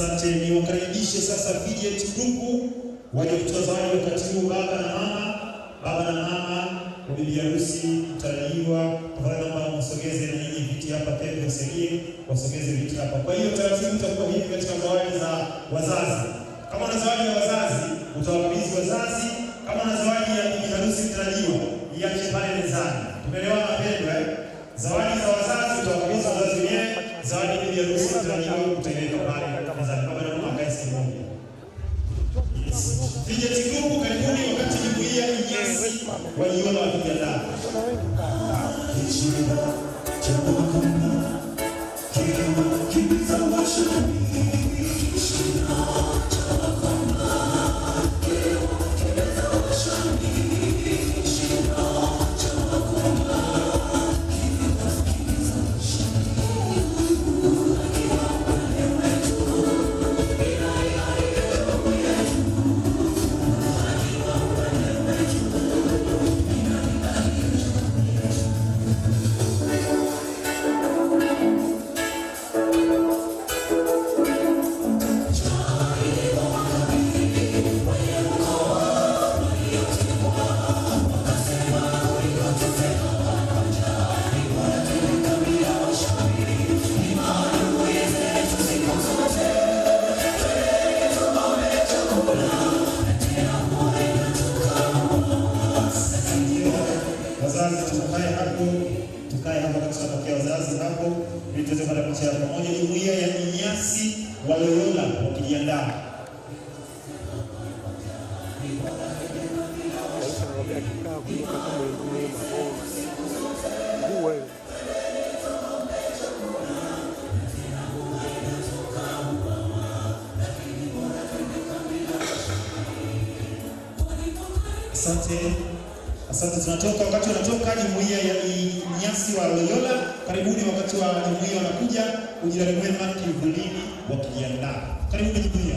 Asante, niwakaribishe sasa PDX group waje kutazama wakati huu baba na mama, baba na mama wa bibi harusi mtarajiwa, tafadhali naomba msogeze na nyinyi viti hapa pembe, msaidie wasogeze viti hapa. Kwa hiyo taratibu utakuwa hivi katika zawadi za wazazi. Kama na zawadi ya wazazi, utawakabidhi wazazi When you Asante, asante. Tunatoka wakati wanatoka jumuiya ya Inyasi wa Loyola, karibuni wakati wa jumuiya wanakuja, ujirani mwema wa wakijiandaa. Karibuni jumuiya.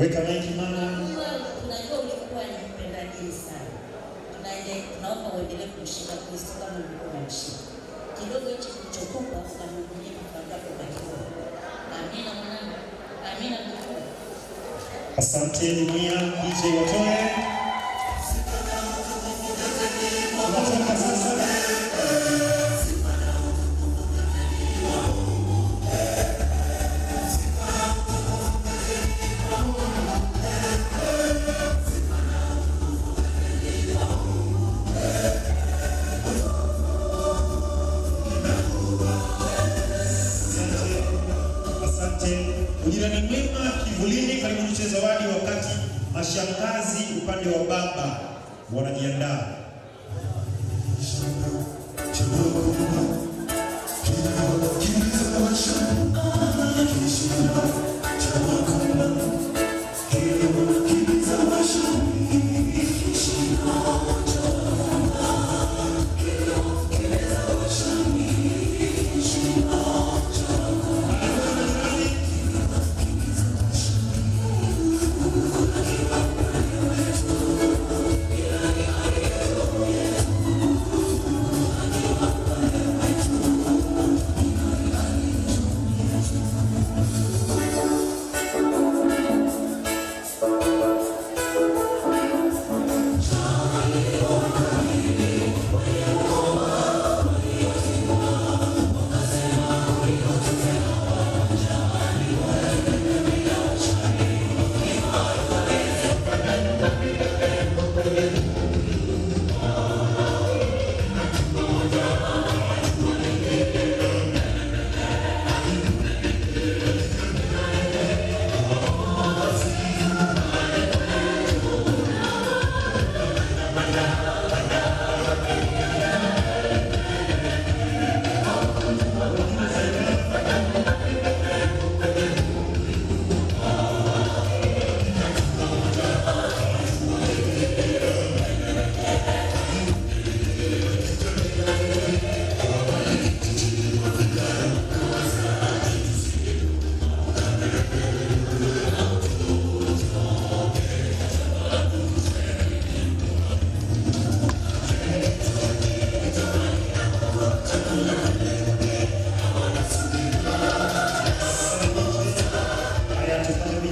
weka like mama. Unajua ulikuwa ni mpenda mpendaji sana, tunaendelea, tunaomba uendelee kumshika Kristo kama ulikuwa unamshika kidogo hichi kilichokupa ni mpaka kwa kidogo. Amina mwanangu, amina mkuu. Asanteni mia DJ watoe Jirani Mwema Kivulini, karibu tuche zawadi wakati mashangazi upande wa baba wanajiandaa.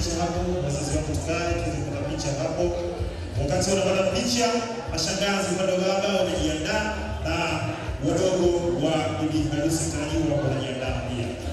picha hapo, wazazi wako tukae tunapata picha hapo. Wakati wanapata picha, mashangazi wadogo hapa wanajiandaa na wadogo wa bibi harusi tarajiwa wanajiandaa pia.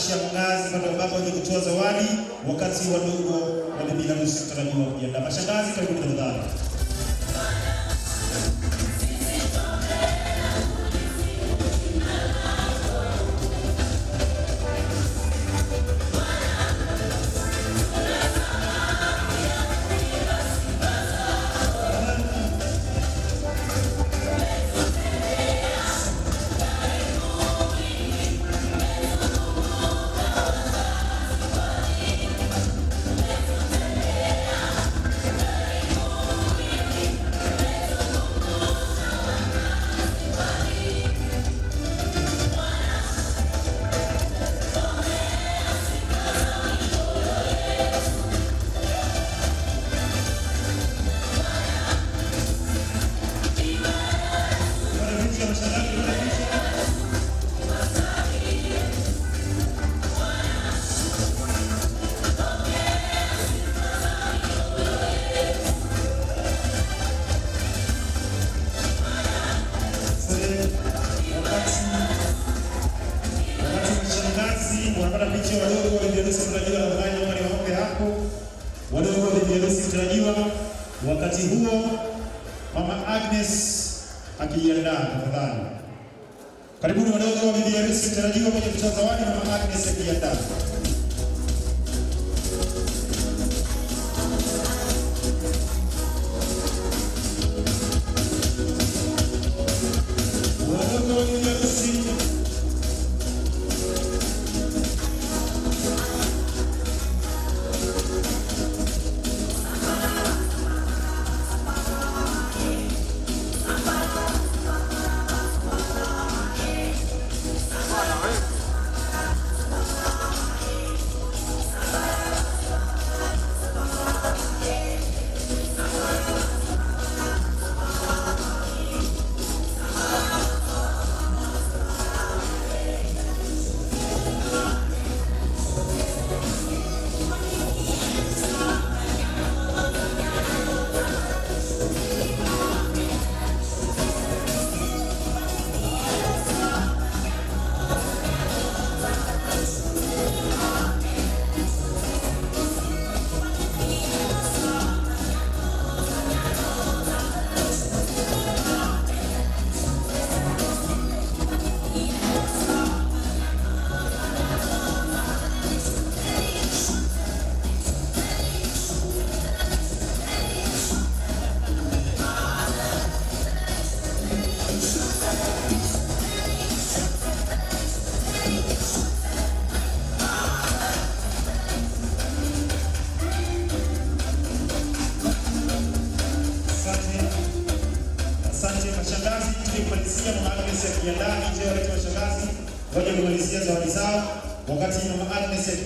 shangazi pale baba waje kutoa zawadi wakati wadogo wa bibi harusi tarajiwa kujiandaa. Mashangazi, karibu tafadhali. akijiandaa tafadhali. Karibuni wadogo wa BBS mtarajiwa kwenye kutoa zawadi na Agnes akijiandaa.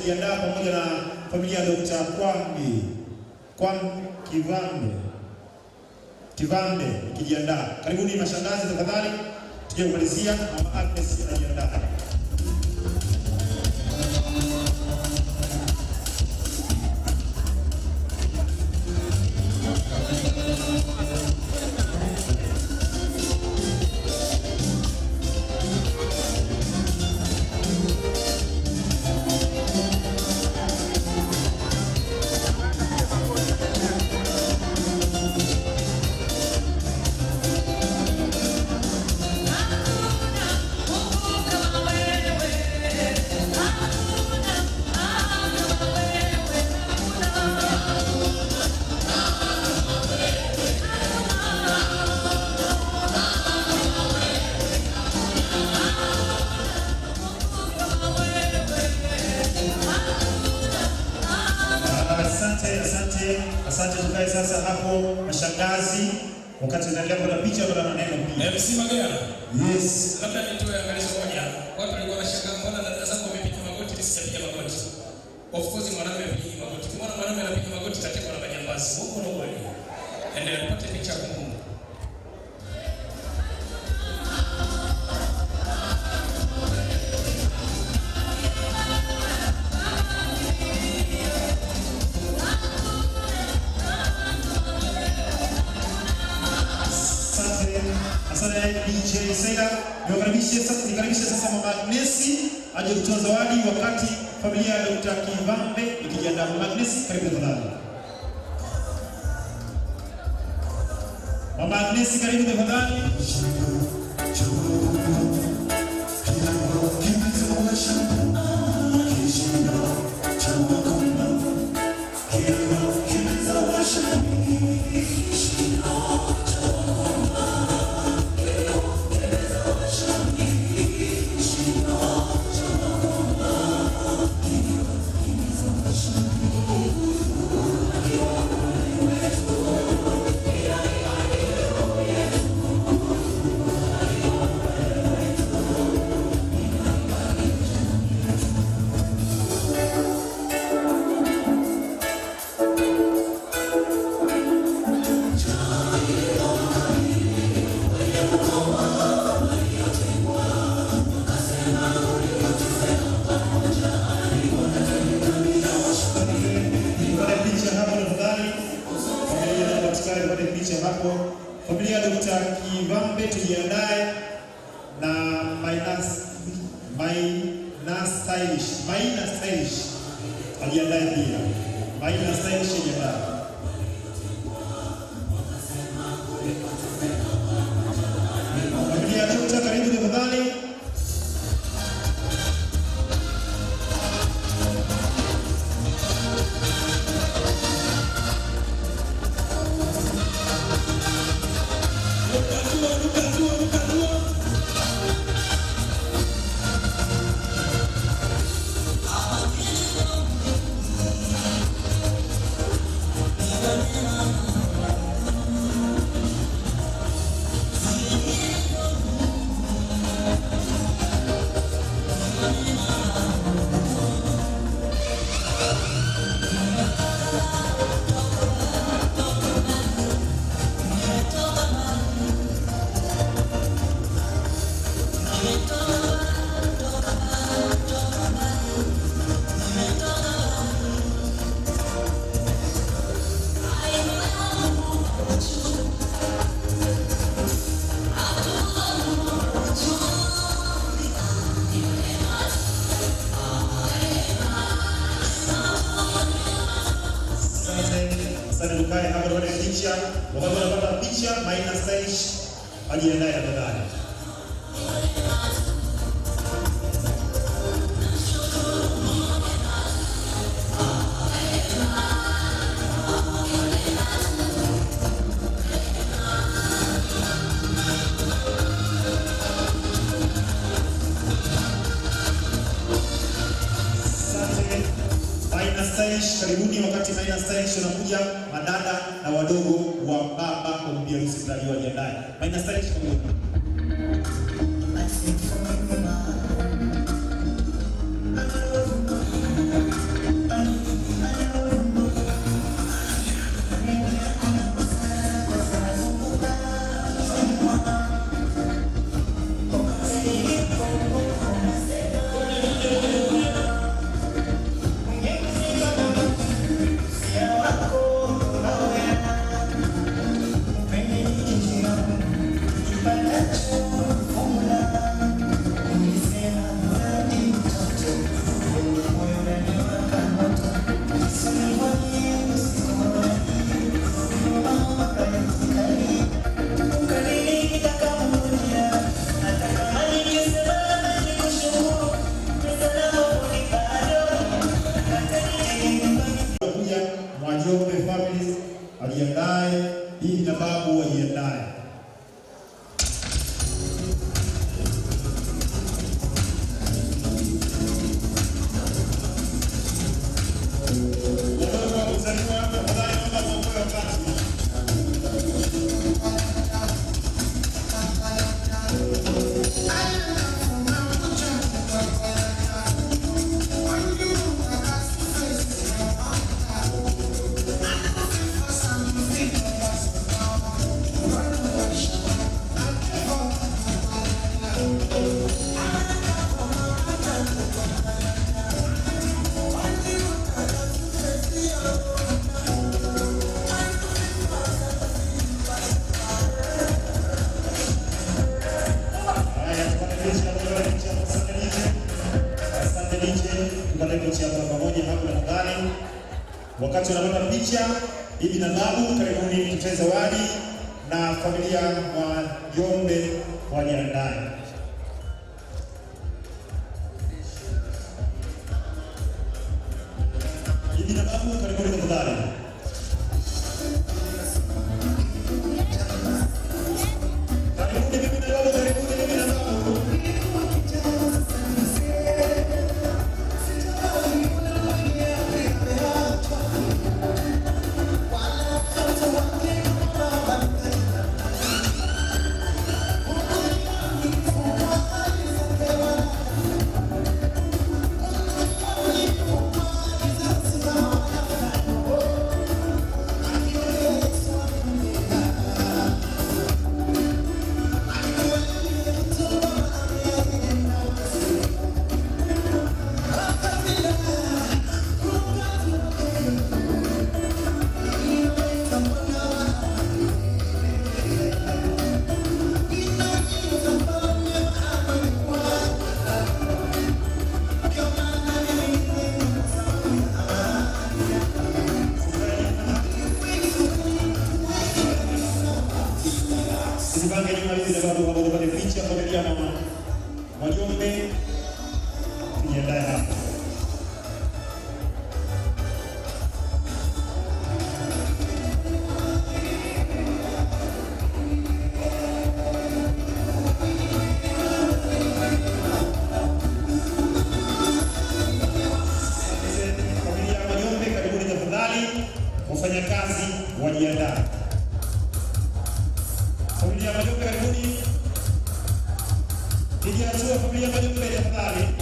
tumejiandaa pamoja na familia ya Dr. Kwambi Kwambi Kivambe Kivambe, kijiandaa. Karibuni mashangazi, tafadhali tuje kumalizia. Mama Agnes anajiandaa. asante, asante. Tukae sasa hapo, mashangazi, wakati unaendelea kuna picha na neno pia. MC Magera. Yes. Labda nitoe angalisho moja. Watu walikuwa wanashangaa mbona dada zako wamepiga magoti mimi sijapiga magoti. Of course mwanamume amepiga magoti. Mbona mwanamume anapiga magoti tatekwa na majambazi? Mungu na kweli. Endelea kupata picha Asante DJ Saida. Nikaribishe sasa Mama Agnesi aje kutoa zawadi wakati familia ya Dr. Kivambe ikijiandaa. Mama Agnesi, karibu tafadhali. Mama Agnesi, karibu tafadhali. Bailas hii na babu wajiandae picha bibi na babu, karibuni mtoe zawadi na familia wa Yombe wa Nyarandani. fazendo sabia que ele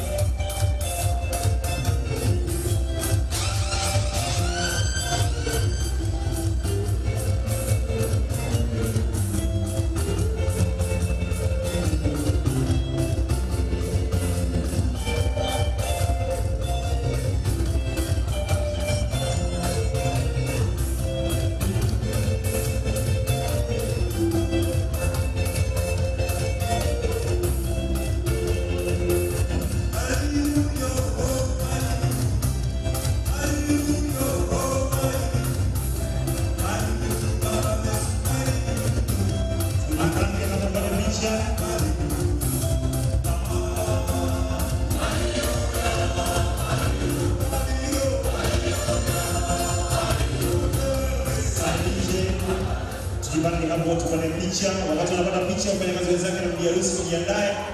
Tukipata kikapu watu kwenye picha, wakati wanapata picha, wafanyakazi wenzake na mjia harusi